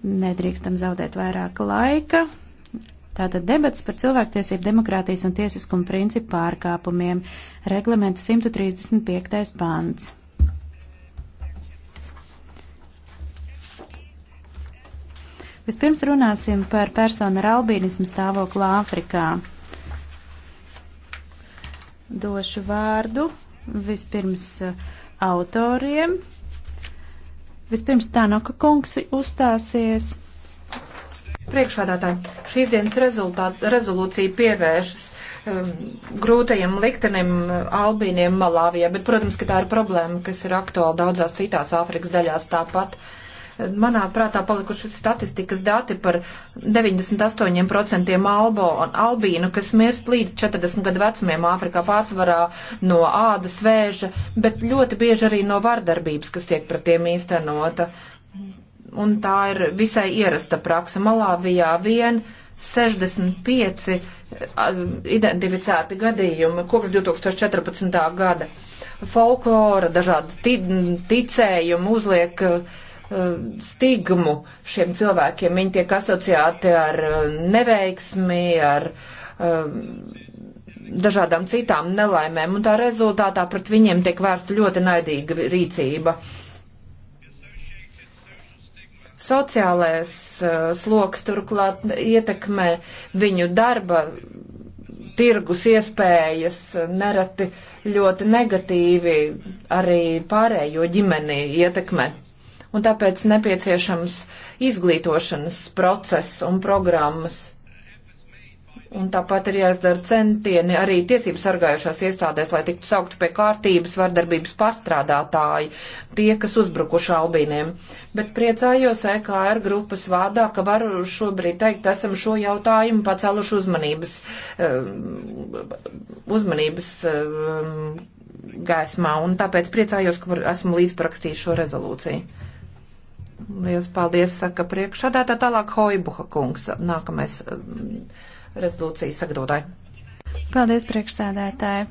Nedrīkstam zaudēt vairāk laika. Tātad debats par cilvēktiesību, demokrātijas un tiesiskuma principu pārkāpumiem. Reglamenta 135. pāns. Vispirms runāsim par personu ar albīnismu stāvokli Āfrikā. Došu vārdu vispirms eh, autoriem. Vispirms Tānoka kungs uzstāsies. Priekšādātāji, šīs dienas rezultāt, rezolūcija pievēršas um, grūtajam liktenim uh, Albīniem Malāvijā, bet, protams, ka tā ir problēma, kas ir aktuāla daudzās citās Āfrikas daļās tāpat. Uh, manā prātā palikuši statistikas dati par 98% albo un albīnu, kas mirst līdz 40 gadu vecumiem Āfrikā pārsvarā no ādas vēža, bet ļoti bieži arī no vardarbības, kas tiek pret tiem īstenota. Un tā ir visai ierasta praksa. Malāvijā vien 65 identificēti gadījumi kopš 2014. gada. Folklora, dažādas ticējumi uzliek uh, Um, stigmu šiem cilvēkiem. Viņi tiek asociēti ar um, neveiksmi, ar um, dažādām citām nelaimēm, un tā rezultātā pret viņiem tiek vērsta ļoti naidīga rīcība. Sociālais uh, sloks turklāt ietekmē viņu darba tirgus iespējas nereti ļoti negatīvi arī pārējo ģimeni ietekmē un tāpēc nepieciešams izglītošanas process un programmas. Un tāpat ir jāizdara centieni arī tiesību sargājušās iestādēs, lai tiktu saukti pie kārtības vardarbības pārstrādātāji, tie, kas uzbrukuši albīniem. Bet priecājos EKR grupas vārdā, ka varu šobrīd teikt, esam šo jautājumu pacēluši uzmanības, eh, uzmanības eh, gaismā, un tāpēc priecājos, ka esmu līdzparakstījis šo rezolūciju. Lielas paldies, saka priekšādātā tālāk Hoibuha kungs, nākamais mm, rezolūcijas sagatavotāji. Paldies, priekšsēdētāji.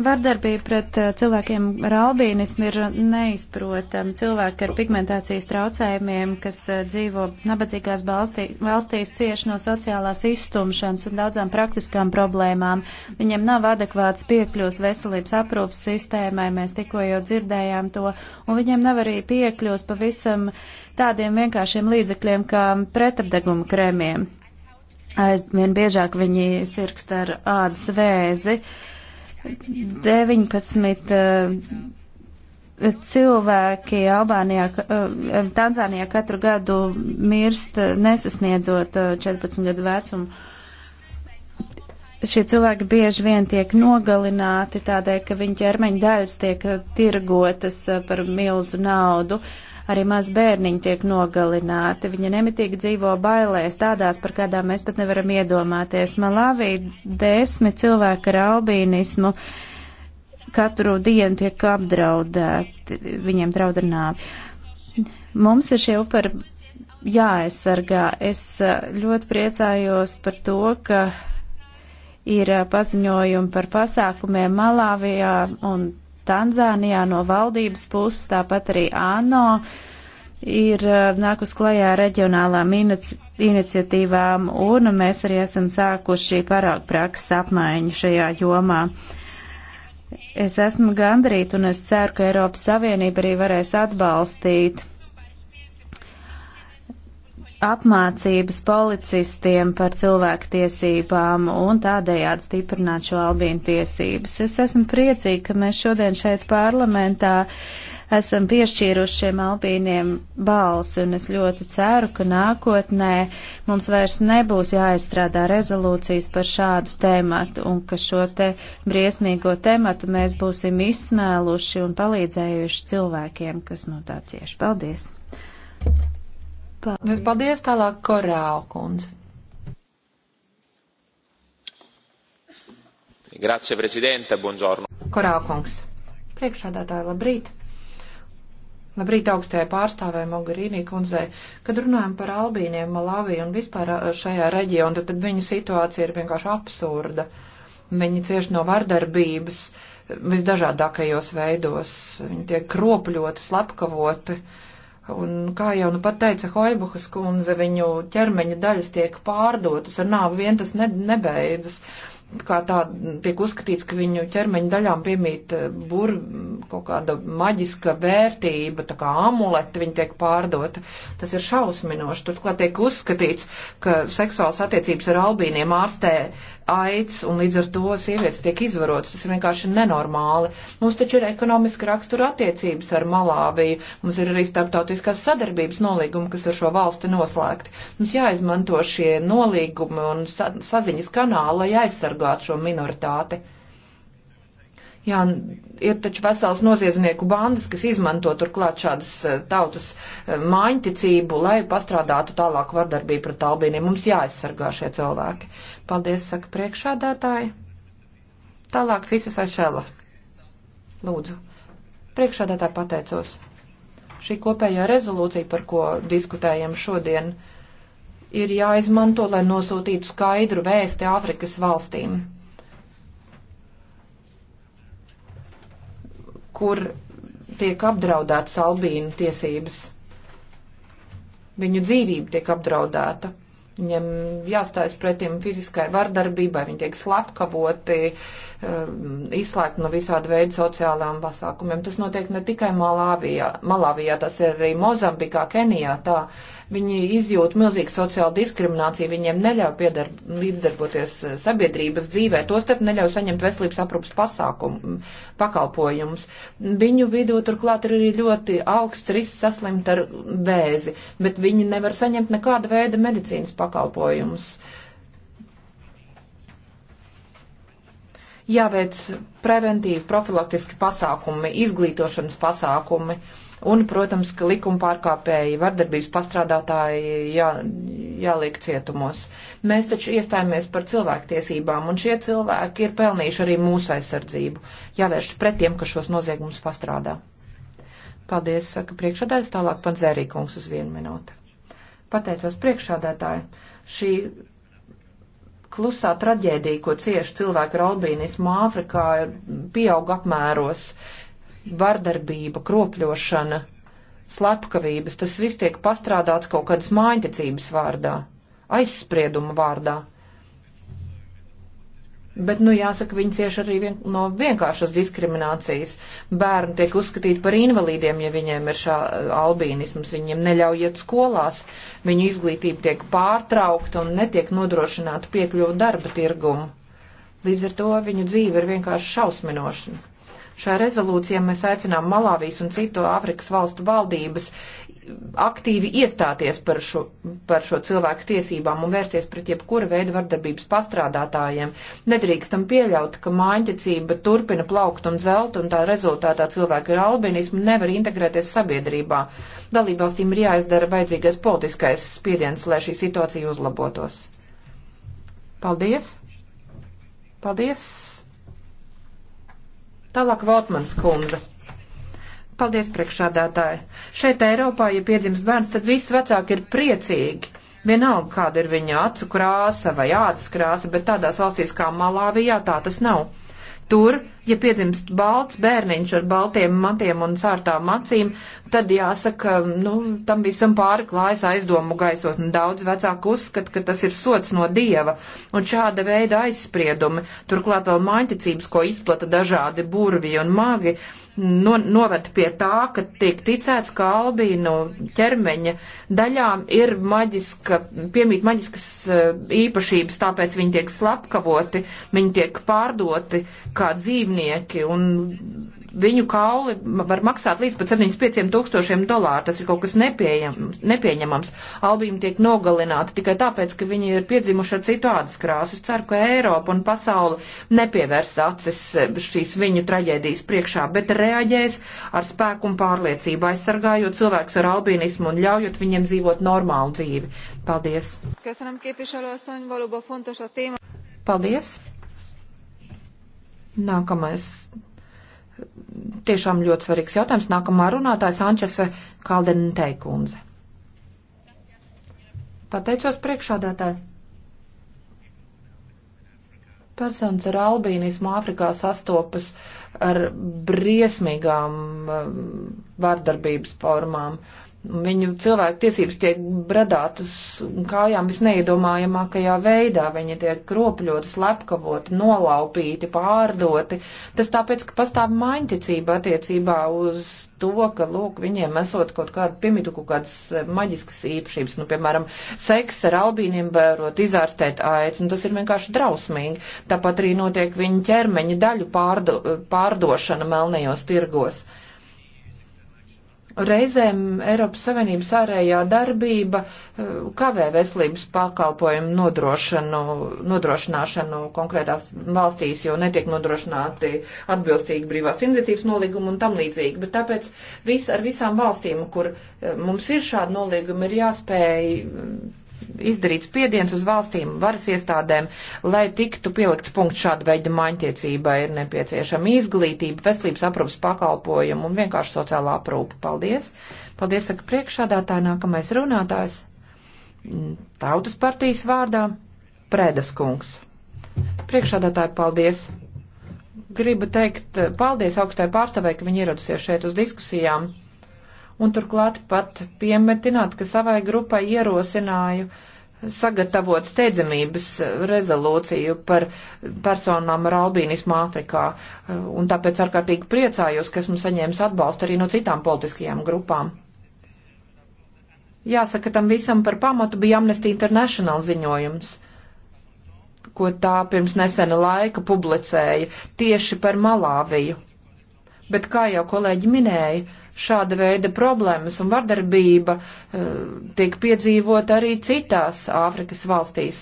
Vardarbība pret eh, cilvēkiem ar albīnismu ir neizprotama. Cilvēki ar pigmentācijas traucējumiem, kas eh, dzīvo nabadzīgās balstī, valstīs, cieši no sociālās izstumšanas un daudzām praktiskām problēmām. Viņiem nav adekvāts piekļūs veselības aprūpas sistēmai, mēs tikko jau dzirdējām to, un viņiem nav arī piekļūs pavisam tādiem vienkāršiem līdzekļiem kā pretapdeguma krēmiem. Aizvien biežāk viņi sirkst ar ādas vēzi. Uh, 19 eh, cilvēki Albānijā, eh, eh, Tanzānijā katru gadu mirst nesasniedzot 14 gadu vecumu. Šie cilvēki bieži vien tiek nogalināti tādēļ, ka viņu ķermeņa daļas tiek tirgotas par milzu naudu. Uh, arī maz bērniņi tiek nogalināti. Viņa nemitīgi dzīvo bailēs, tādās, par kādām mēs pat nevaram iedomāties. Malavī desmit cilvēki ar albīnismu katru dienu tiek apdraudēti, viņiem draud ar nāvi. Mums ir šie upari jāaizsargā. Es ļoti priecājos par to, ka ir paziņojumi par pasākumiem Malāvijā un Tanzānijā no valdības puses, tāpat arī ANO ir uh, nākus klajā reģionālām inici iniciatīvām, un mēs arī esam sākuši paraugu prakses apmaiņu šajā jomā. Es esmu gandrīt, un es ceru, ka Eiropas Savienība arī varēs atbalstīt apmācības policistiem par cilvēktiesībām un tādējādi stiprināt šo albīnu tiesības. Es esmu priecīga, ka mēs šodien šeit parlamentā esam piešķīruši šiem albīniem balsi, un es ļoti ceru, ka nākotnē mums vairs nebūs jāizstrādā rezolūcijas par šādu tēmatu, un ka šo te briesmīgo tēmatu mēs būsim izsmēluši un palīdzējuši cilvēkiem, kas no tā cieši. Paldies! Thank you. Paldies, nu, paldies tālāk Korāo kundze. Grazie, prezidente, buongiorno. Korāo kungs. Priekšādātāji, labrīt. Labrīt augstajai pārstāvē Mogherini kundzei. Kad runājam par Albīniem, Malaviju un vispār šajā reģionā, tad viņu situācija ir vienkārši absurda. Viņi cieš no vardarbības visdažādākajos veidos. Viņi tiek kropļoti, slepkavoti. Uh, Un, kā jau nu pat teica Hoibuhas kundze, viņu ķermeņa daļas tiek pārdotas ar nāvu, vien tas ne, nebeidzas. Uh, kā tā tiek uzskatīts, ka viņu ķermeņa daļām piemīt eh, bur, kaut kāda maģiska vērtība, tā kā amuleta viņi tiek pārdota. Tas ir šausminoši. Turklāt tiek uzskatīts, ka seksuāls attiecības ar albīniem ārstē aids un līdz ar to sievietes tiek izvarotas. Tas ir vienkārši nenormāli. Mums taču ir ekonomiska rakstura attiecības ar Malāviju. Mums ir arī starptautiskās sadarbības nolīgumi, kas ar šo valsti noslēgti. Mums jāizmanto šie nolīgumi un sa saziņas kanāli, lai aizsargātu aizsargāt šo minoritāti. Jā, ir taču vesels noziedznieku bandas, kas izmanto turklāt šādas eh, tautas eh, mājiņticību, lai pastrādātu tālāk vardarbību pret albīniem. Mums jāaizsargā šie cilvēki. Paldies, saka priekšādātāji. Tālāk Fisas Ašela. Lūdzu. Priekšādātāji pateicos. Šī kopējā rezolūcija, par ko diskutējam šodien, uh, ir jāizmanto, lai nosūtītu skaidru vēsti Āfrikas valstīm, kur tiek apdraudētas albīnu tiesības. Viņu dzīvība tiek apdraudēta. Viņiem jāstājas pretiem fiziskai vardarbībai, viņi tiek slepkavoti, um, izslēgti no visāda veida sociālām pasākumiem. Tas notiek ne tikai Malāvijā, Malāvijā tas ir arī Mozambikā, Kenijā, tā Viņi izjūt milzīgu sociālu diskrimināciju, viņiem neļauj piedar, līdzdarboties eh, sabiedrības dzīvē, tostarp neļauj saņemt veselības aprūpas pasākumu, pakalpojumus. Viņu vidū turklāt ir arī ļoti augsts risks saslimt ar vēzi, bet viņi nevar saņemt nekāda veida medicīnas pakalpojumus. jāveic preventīvi profilaktiski pasākumi, izglītošanas pasākumi. Uh, Un, protams, ka likuma pārkāpēji, vardarbības pastrādātāji jā, jāliek cietumos. Mēs taču iestājāmies par cilvēktiesībām, un šie cilvēki ir pelnījuši arī mūsu aizsardzību. Jāvērš pret tiem, kas šos noziegumus pastrādā. Paldies, saka priekšādājs, tālāk pat Zērīkungs uz vienu minūti. Pateicos priekšādātāji. Šī klusā traģēdija, ko cieši cilvēki ar albīnismu Āfrikā, ir pieauga apmēros. Uh, vardarbība, kropļošana, slepkavības, tas viss tiek pastrādāts kaut kādas mājiņticības vārdā, aizsprieduma vārdā. Bet, nu, jāsaka, viņi cieši arī vien, no vienkāršas diskriminācijas. Bērni tiek uzskatīti par invalīdiem, ja viņiem ir šā eh, albīnisms, viņiem neļauj iet skolās, viņu izglītība tiek pārtraukta un netiek nodrošināta piekļuva darba tirgumu. Līdz ar to viņu dzīve ir vienkārši šausminoša. Šajā rezolūcijā mēs aicinām Malavijas un citu Āfrikas valstu valdības aktīvi iestāties par šo, par šo cilvēku tiesībām un vērsties pret jebkura veida vardarbības pastrādātājiem. Nedrīkstam pieļaut, ka māņķecība turpina plaukt un zelt, un tā rezultātā cilvēki ar albinismu nevar integrēties sabiedrībā. Dalībvalstīm ir jāizdara vajadzīgais politiskais spiediens, lai šī situācija uzlabotos. Paldies! Paldies! Tālāk Valtmans kundze. Paldies, priekšādātāji. Šeit Eiropā, ja piedzimst bērns, tad visi vecāki ir priecīgi. Vienalga, kāda ir viņa acu krāsa vai ādas krāsa, bet tādās valstīs kā Malāvijā tā tas nav. Tur, ja piedzimst balts bērniņš ar baltiem matiem un sārtām acīm, tad jāsaka, nu, tam visam pāri klājas aizdomu gaisot, un daudz vecāku uzskata, ka tas ir sots no dieva, un šāda veida aizspriedumi, turklāt vēl maiticības, ko izplata dažādi burvi un magi, no, noved pie tā, ka tiek ticēts, ka albīno ķermeņa daļām ir maģiska, piemīt maģiskas eh, īpašības, tāpēc viņi tiek slapkavoti, viņi tiek pārdoti kā dzīvnieki un viņu kauli var maksāt līdz pat 75 tūkstošiem dolāru. Tas ir kaut kas nepieņemams. Albīm tiek nogalināti tikai tāpēc, ka viņi ir piedzimuši ar citu ādas krāsu. Es ceru, ka Eiropa un pasauli nepievērs acis šīs viņu traģēdijas priekšā, bet reaģēs ar spēku un pārliecību, aizsargājot cilvēkus ar albīnismu un ļaujot viņiem dzīvot normālu dzīvi. Paldies! Paldies! Nākamais tiešām ļoti svarīgs jautājums. Nākamā runātāja Sančese Kaldenitei kundze. Pateicos priekšādātāji. Personas ar albīnismu Āfrikā sastopas ar briesmīgām um, vardarbības formām. Uh, Viņu cilvēku tiesības tiek bradātas kājām visneiedomājamākajā veidā. Viņi tiek kropļoti, slepkavoti, nolaupīti, pārdoti. Tas tāpēc, ka pastāv maņķicība attiecībā uz to, ka, lūk, viņiem esot kaut kāda pimitu, kaut kādas eh, maģiskas īpašības, nu, piemēram, seks ar albīniem bērot, izārstēt aicu, nu, tas ir vienkārši drausmīgi. Tāpat arī notiek viņa ķermeņa daļu pārdo, pārdošana melnajos tirgos. Uh, reizēm Eiropas Savienības ārējā darbība eh, kavē veselības pakalpojumu nodrošanu, nodrošināšanu konkrētās valstīs, jo netiek nodrošināti atbilstīgi brīvās indicības nolīgumi un tam līdzīgi. Bet tāpēc vis, ar visām valstīm, kur eh, mums ir šādi nolīgumi, ir jāspēj izdarīts spiediens uz valstīm, varas iestādēm, lai tiktu pielikts punkts šāda veida maņtiecībai, ir nepieciešama izglītība, veselības aprūpas pakalpojumu un vienkārši sociāla aprūpa. Paldies! Paldies, saka priekšādātāja, nākamais runātājs. Mm, Tautas partijas vārdā Prēdas kungs. Priekšādātāji, paldies! Gribu teikt paldies augstai pārstāvēji, ka viņi ieradusies šeit uz diskusijām un turklāt pat piemetināt, ka savai grupai ierosināju sagatavot steidzamības rezolūciju par personām ar albīnismu Āfrikā, un tāpēc ārkārtīgi priecājos, ka esmu saņēmis atbalstu arī no citām politiskajām grupām. Jāsaka, tam visam par pamatu bija Amnesty International ziņojums, ko tā pirms nesena laika publicēja tieši par Malāviju bet, kā jau kolēģi minēja, šāda veida problēmas un vardarbība uh, tiek piedzīvot arī citās Āfrikas valstīs.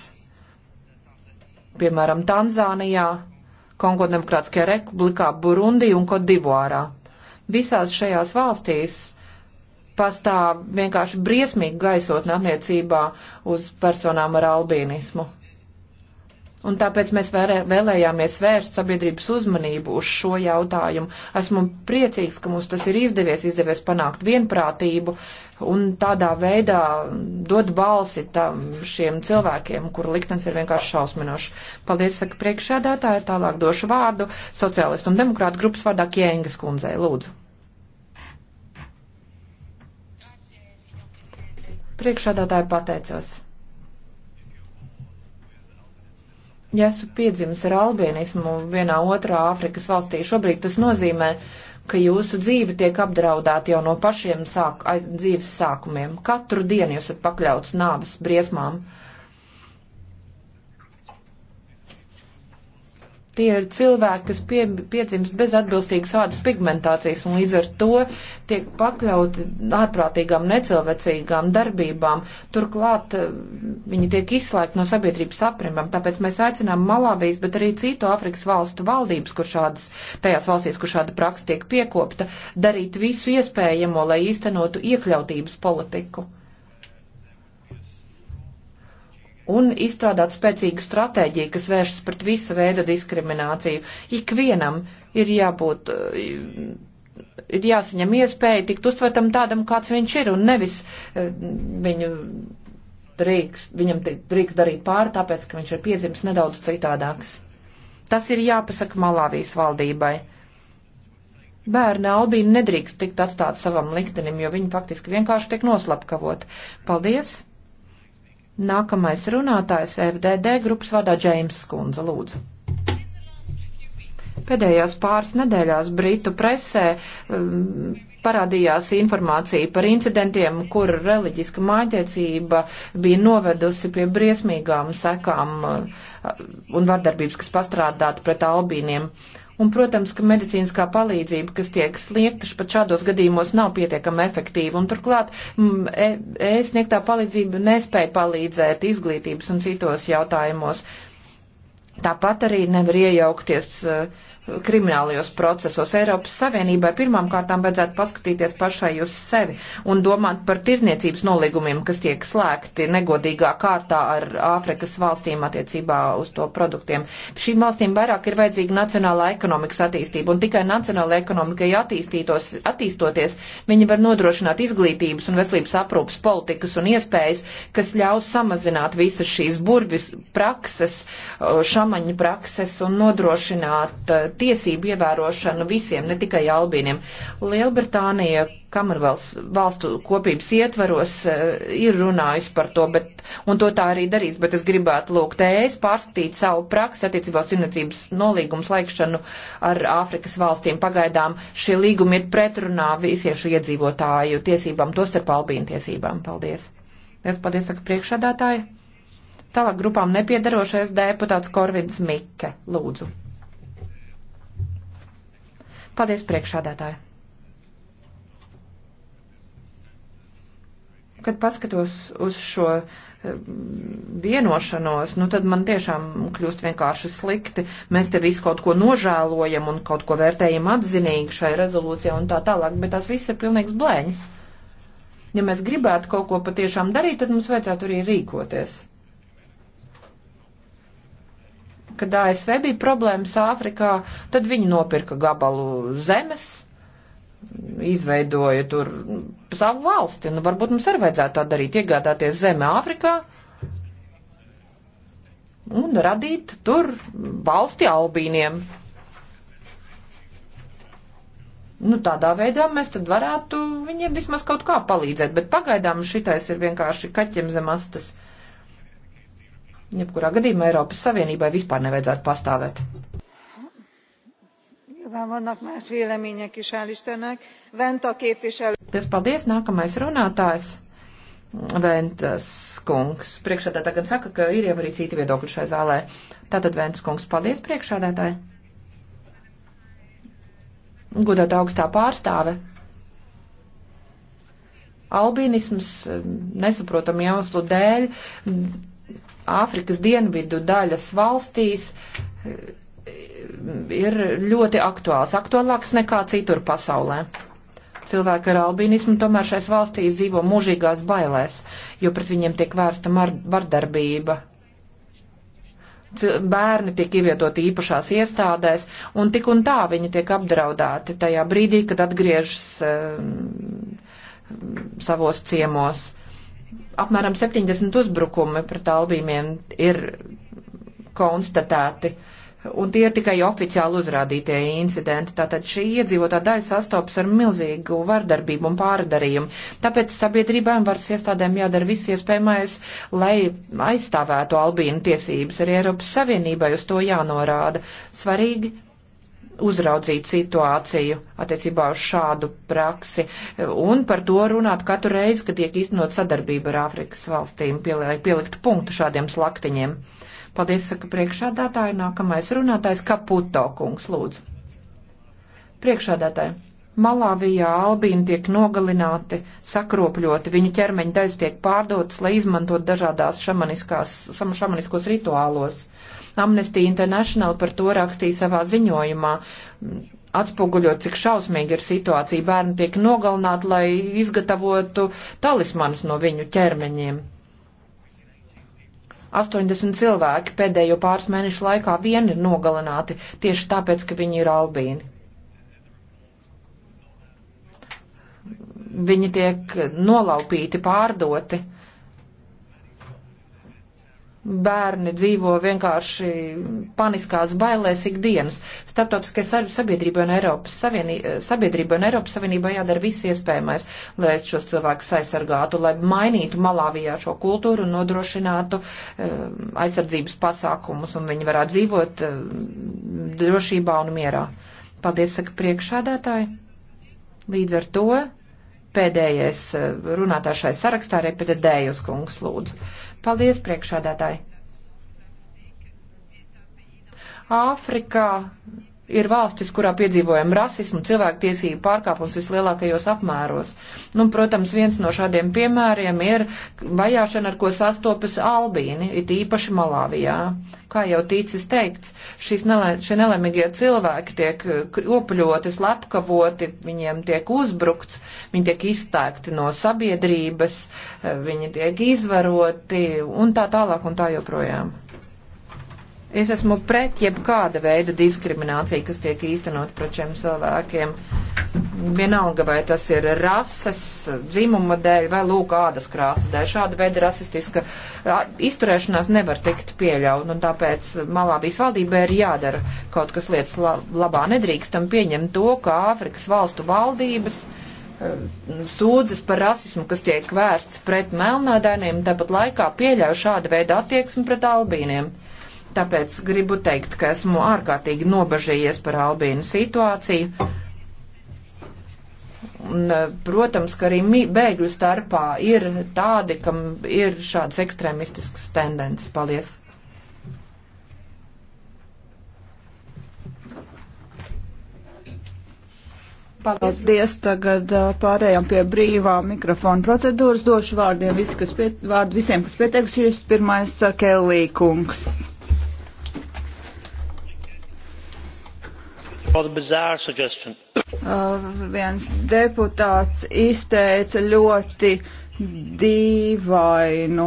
Piemēram, Tanzānijā, Kongo Demokrātiskajā republikā, Burundi un Kodivārā. Visās šajās valstīs pastāv vienkārši briesmīga gaisotne attiecībā uz personām ar albīnismu. Un tāpēc mēs vērē, vēlējāmies vērst sabiedrības uzmanību uz šo jautājumu. Esmu priecīgs, ka mums tas ir izdevies, izdevies panākt vienprātību un tādā veidā dot balsi tam šiem cilvēkiem, kuru liktenis ir vienkārši šausminošs. Paldies, saka priekšēdētāja, tālāk došu vārdu sociālistu un demokrātu grupas vārdā Kiengas kundzei. Lūdzu. Priekšēdētāja pateicos. ja esmu piedzimis ar albienismu vienā otrā Āfrikas valstī, šobrīd tas nozīmē, ka jūsu dzīve tiek apdraudēta jau no pašiem sāk, aiz, dzīves sākumiem. Katru dienu jūs esat pakļauts nāves briesmām. Uh, Tie ir cilvēki, kas pie, piedzimst bez atbilstīgas ādas pigmentācijas un līdz ar to tiek pakļauti ārprātīgām, necilvēcīgām darbībām. Turklāt eh, viņi tiek izslēgti no sabiedrības aprimam. Tāpēc mēs aicinām Malavijas, bet arī citu Afrikas valstu valdības, kur šādas, tajās valstīs, kur šāda praksa tiek piekopta, darīt visu iespējamo, lai īstenotu iekļautības politiku. un izstrādāt spēcīgu stratēģiju, kas vēršas pret visu veidu diskrimināciju. Ikvienam ir jābūt, eh, ir jāsaņem iespēja tikt uztvertam tādam, kāds viņš ir, un nevis eh, viņu drīks, viņam drīks darīt pāri, tāpēc, ka viņš ir piedzimis nedaudz citādāks. Tas ir jāpasaka Malāvijas valdībai. Bērni Albīna nedrīkst tikt atstāt savam liktenim, jo viņi faktiski vienkārši tiek noslapkavot. Paldies! Nākamais runātājs FDD grupas vadā Džeims Skundze, lūdzu. Pēdējās pāris nedēļās Britu presē um, parādījās informācija par incidentiem, kur reliģiska māģiecība bija novedusi pie briesmīgām sekām uh, un vardarbības, kas pastrādāta pret albīniem. Un, protams, ka medicīniskā palīdzība, kas tiek sniegta pat šādos gadījumos, nav pietiekama efektīva. Un, turklāt, e-sniegtā mm, e palīdzība nespēja palīdzēt izglītības un citos jautājumos. Tāpat arī nevar iejaukties uh, kriminālajos procesos. Eiropas Savienībai pirmām kārtām vajadzētu paskatīties pašai uz sevi un domāt par tirzniecības nolīgumiem, kas tiek slēgti negodīgā kārtā ar Āfrikas valstīm attiecībā uz to produktiem. Šīm valstīm vairāk ir vajadzīga nacionālā ekonomikas attīstība, un tikai nacionāla ekonomikai attīstoties, viņi var nodrošināt izglītības un veselības aprūpas politikas un iespējas, kas ļaus samazināt visas šīs burvis prakses, šamaņu prakses un nodrošināt eh, tiesību ievērošanu visiem, ne tikai albīniem. Lielbritānija kamervalstu kopības ietvaros eh, ir runājusi par to, bet, un to tā arī darīs, bet es gribētu lūgt ēs pārskatīt savu praksi attiecībā uz cilvēcības nolīgumu slēgšanu ar Āfrikas valstīm. Pagaidām šie līgumi ir pretrunā visiešu iedzīvotāju tiesībām, tostarp albīnu tiesībām. Paldies! Es paldies, saka priekšādātāji. Tālāk grupām nepiedarošais deputāts Korvins Mikke. Lūdzu. Paldies, priekšādātāji! Kad paskatos uz šo eh, vienošanos, nu tad man tiešām kļūst vienkārši slikti. Mēs te visu kaut ko nožēlojam un kaut ko vērtējam atzinīgi šai rezolūcijā un tā tālāk, bet tās viss ir pilnīgs blēņas. Ja mēs gribētu kaut ko patiešām darīt, tad mums vajadzētu arī rīkoties. Kad ASV bija problēmas Āfrikā, tad viņi nopirka gabalu zemes, izveidoja tur savu valsti. Nu, varbūt mums arī vajadzētu tā darīt, iegādāties zemi Āfrikā un radīt tur valsti albīniem. Nu, tādā veidā mēs tad varētu viņiem vismaz kaut kā palīdzēt, bet pagaidām šitais ir vienkārši kaķiem zem astas. Uh, Jebkurā gadījumā Eiropas Savienībai vispār nevajadzētu pastāvēt. Kas paldies, nākamais runātājs. Ventas eh, kungs. Priekšādātā gan saka, ka ir jau arī citi viedokļi šai zālē. Tātad Ventas kungs, paldies priekšādātāji. Gudot augstā pārstāve. Albīnisms eh, nesaprotam iemeslu dēļ Āfrikas dienvidu daļas valstīs eh, ir ļoti aktuāls, aktuālāks nekā citur pasaulē. Cilvēki ar albīnismu tomēr šais valstīs dzīvo mūžīgās bailēs, jo pret viņiem tiek vērsta vardarbība. Bērni tiek ievietoti īpašās iestādēs, un tik un tā viņi tiek apdraudēti tajā brīdī, kad atgriežas um, savos ciemos apmēram 70 uzbrukumi pret albīmiem ir konstatēti. Un tie ir tikai oficiāli uzrādītie incidenti. Tātad šī iedzīvotā daļa sastopas ar milzīgu vardarbību un pārdarījumu. Tāpēc sabiedrībām varas iestādēm jādara viss iespējamais, lai aizstāvētu albīnu tiesības. Arī Eiropas Savienībai uz to jānorāda. Svarīgi uzraudzīt situāciju attiecībā uz šādu praksi un par to runāt katru reizi, kad tiek iznot sadarbība ar Āfrikas valstīm, lai pieliktu punktu šādiem slaktiņiem. Paldies, saka priekšādātāji, nākamais runātājs Kaputo kungs, lūdzu. Priekšādātāji. Malāvijā albīni tiek nogalināti, sakropļoti, viņu ķermeņa daļas tiek pārdotas, lai izmantot dažādās šamaniskos rituālos. Amnesty International par to rakstīja savā ziņojumā, atspoguļot, cik šausmīgi ir situācija. Bērni tiek nogalināti, lai izgatavotu talismanus no viņu ķermeņiem. 80 cilvēki pēdējo pāris mēnešu laikā vien ir nogalināti tieši tāpēc, ka viņi ir albīni. Viņi tiek nolaupīti, pārdoti. Uh, bērni dzīvo vienkārši paniskās bailēs ikdienas. Startautiskai sabiedrībai un Eiropas sabiedrībai un Eiropas Savienībai jādara viss iespējamais, lai šos cilvēkus aizsargātu, lai mainītu Malāvijā šo kultūru un nodrošinātu eh, aizsardzības pasākumus un viņi varētu dzīvot eh, drošībā un mierā. Paldies, saka priekšādātāji. Līdz ar to pēdējais eh, runātājs šai sarakstā arī pēdējais kungs lūdzu. Paldies, priekšādātāji! Āfrikā ir valstis, kurā piedzīvojam rasismu, cilvēktiesību pārkāpums vislielākajos apmēros. Nu, protams, viens no šādiem piemēriem ir vajāšana, ar ko sastopas Albīni, it īpaši Malāvijā. Kā jau ticis teikts, šīs nelē, šie nelēmīgie cilvēki tiek eh, opļoti, slepkavoti, viņiem tiek uzbrukts, viņi tiek iztēkti no sabiedrības, eh, viņi tiek izvaroti un tā tālāk un tā joprojām. Es esmu pret jebkāda veida diskrimināciju, kas tiek īstenot pret šiem cilvēkiem. Vienalga, vai tas ir rases, dzimuma dēļ vai lūk ādas krāsas dēļ. Šāda veida rasistiska izturēšanās nevar tikt pieļaut, un tāpēc Malāvijas valdībai ir jādara kaut kas lietas labā. Nedrīkstam pieņemt to, ka Āfrikas valstu valdības sūdzas par rasismu, kas tiek vērsts pret melnādainiem, tāpat laikā pieļauj šāda veida attieksmi pret albīniem tāpēc gribu teikt, ka esmu ārkārtīgi nobežījies par Albīnu situāciju. Un, eh, protams, ka arī bēgļu starpā ir tādi, kam ir šādas ekstrēmistiskas tendences. Paldies! Paldies. Paldies. Tagad eh, pārējām pie brīvā mikrofona procedūras. Došu vārdiem visi, kas pie, vārdu visiem, kas pieteikušies. Pirmais eh, Kelī kungs. Uh, viens deputāts izteica ļoti dīvainu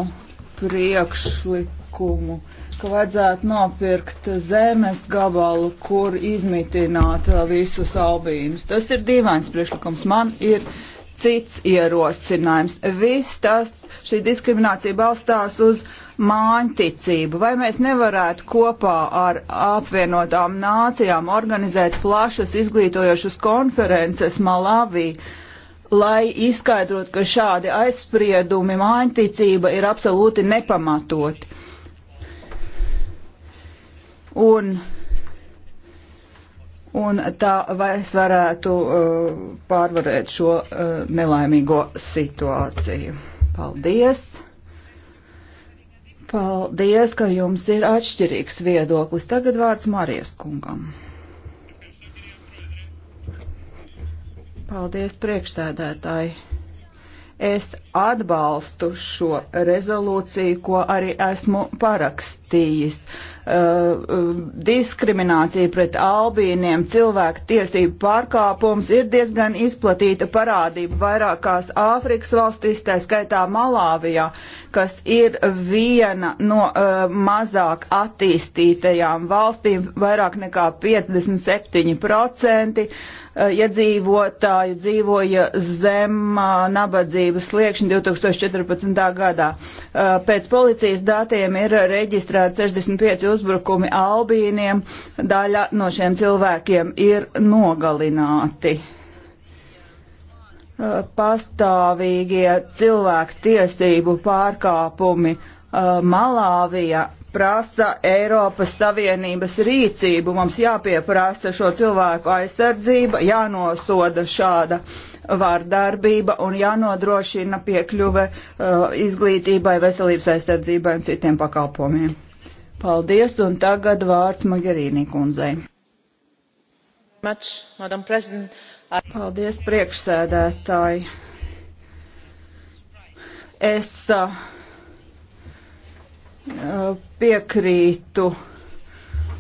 priekšlikumu, ka vajadzētu nopirkt zemes gabalu, kur izmitināt visus albīnus. Tas ir dīvains priekšlikums. Man ir cits ierosinājums. Viss tas, šī diskriminācija balstās uz uh, māņticību, vai mēs nevarētu kopā ar apvienotām nācijām organizēt plašas izglītojošas konferences Malavī, lai izskaidrot, ka šādi aizspriedumi māņticība ir absolūti nepamatoti. Un, un tā vai es varētu uh, pārvarēt šo uh, nelaimīgo situāciju. Paldies! Paldies, ka jums ir atšķirīgs viedoklis. Tagad vārds Marijas kungam. Paldies, priekšsēdētāji. Es atbalstu šo rezolūciju, ko arī esmu parakstījis. Uh, Uh, diskriminācija pret albīniem, cilvēku tiesību pārkāpums ir diezgan izplatīta parādība vairākās Āfrikas valstīs, tā skaitā Malāvijā, kas ir viena no uh, mazāk attīstītajām valstīm, vairāk nekā 57% uh, iedzīvotāju ja dzīvoja zem uh, nabadzības sliekšņa 2014. gadā. Pēc policijas datiem ir reģistrēta 65 uzmanības uzbrukumi Albīniem, daļa no šiem cilvēkiem ir nogalināti. Uh, pastāvīgie cilvēku tiesību pārkāpumi uh, Malāvijā prasa Eiropas Savienības rīcību. Mums jāpieprasa šo cilvēku aizsardzība, jānosoda šāda vārdarbība un jānodrošina piekļuve uh, izglītībai, veselības aizsardzībai un citiem pakalpojumiem. Paldies, un tagad vārds Magarīnī kundzei. Much, Paldies, priekšsēdētāji. Es uh, piekrītu uh,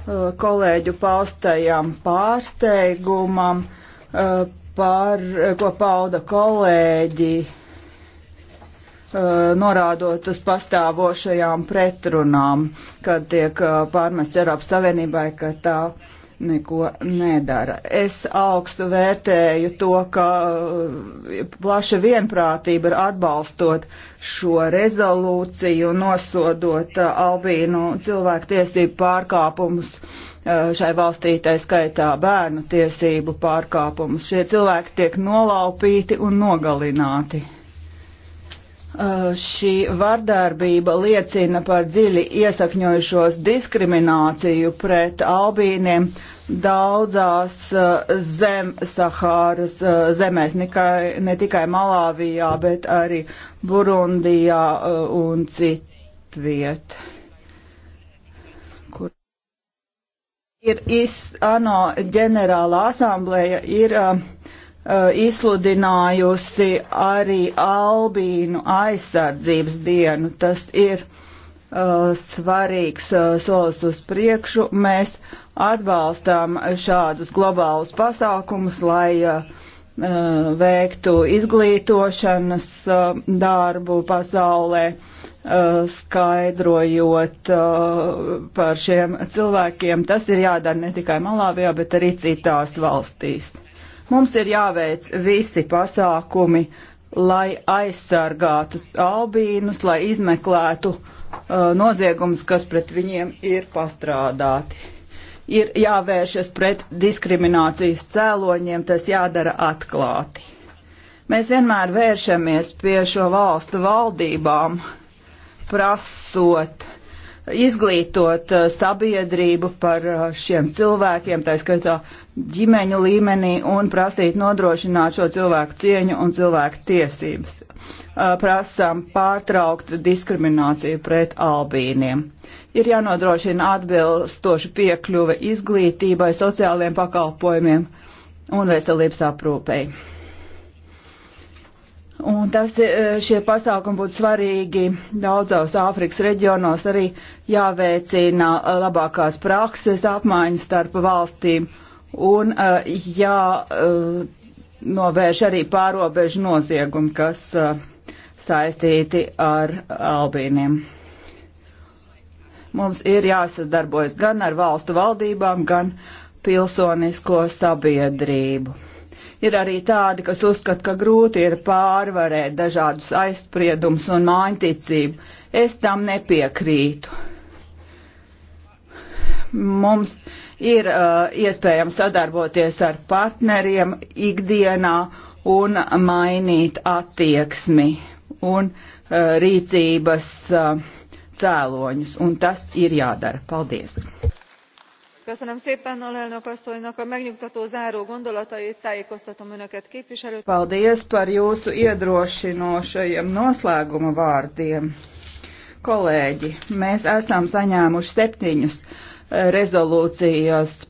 kolēģu paustajam pārsteigumam, uh, par, ko pauda kolēģi Uh, norādot uz pastāvošajām pretrunām, kad tiek uh, pārmests Eiropas Savienībai, ka tā neko nedara. Es augstu vērtēju to, ka uh, plaša vienprātība ir atbalstot šo rezolūciju, nosodot Albīnu cilvēktiesību pārkāpumus šai valstī, tā skaitā bērnu tiesību pārkāpumus. Šie cilvēki tiek nolaupīti un nogalināti. Uh, šī vardarbība liecina par dziļi iesakņojušos diskrimināciju pret albīniem daudzās uh, zem Sahāras uh, zemēs, nekai, ne tikai Malāvijā, bet arī Burundijā un citviet. Kur ir IS ANO ģenerāla asamblēja, ir uh, Uh, izsludinājusi arī Albīnu aizsardzības dienu. Tas ir uh, svarīgs uh, solis uz priekšu. Mēs atbalstām šādus globālus pasākumus, lai uh, veiktu izglītošanas darbu pasaulē, skaidrojot par šiem cilvēkiem. Tas ir jādara ne tikai Malāvijā, bet arī citās valstīs. Mums ir jāveic visi pasākumi, lai aizsargātu albīnus, lai izmeklētu uh, noziegumus, kas pret viņiem ir pastrādāti. Ir jāvēršas pret diskriminācijas cēloņiem, tas jādara atklāti. Mēs vienmēr vēršamies pie šo valstu valdībām, prasot izglītot uh, sabiedrību par uh, šiem cilvēkiem, tā skaitā ģimeņu līmenī, un prasīt nodrošināt šo cilvēku cieņu un cilvēku tiesības. Uh, prasām pārtraukt diskrimināciju pret albīniem. Ir jānodrošina atbilstoši piekļuve izglītībai, sociāliem pakalpojumiem un veselības aprūpei. Un tas, e, šie pasākumi būtu svarīgi daudzos Āfrikas reģionos, arī jāveicina e, labākās prakses apmaiņas starp valstīm un e, jānovērš arī pārobežu noziegumi, kas saistīti ar albīniem. Mums ir jāsadarbojas gan ar valstu valdībām, gan pilsonisko sabiedrību Ir arī tādi, kas uzskata, ka grūti ir pārvarēt dažādus aizspriedumus un mānticību. Es tam nepiekrītu. Mums ir uh, iespējams sadarboties ar partneriem ikdienā un mainīt attieksmi un uh, rīcības uh, cēloņus, un tas ir jādara. Paldies! köszönöm szépen alelnök asszonynak a megnyugtató záró gondolatait tájékoztatom önöket képviselők. paldies par jūsu iedrošinošajiem noslēguma vārdiem. kolēģi mēs esam saņēmuši septiņus eh, rezolūcijas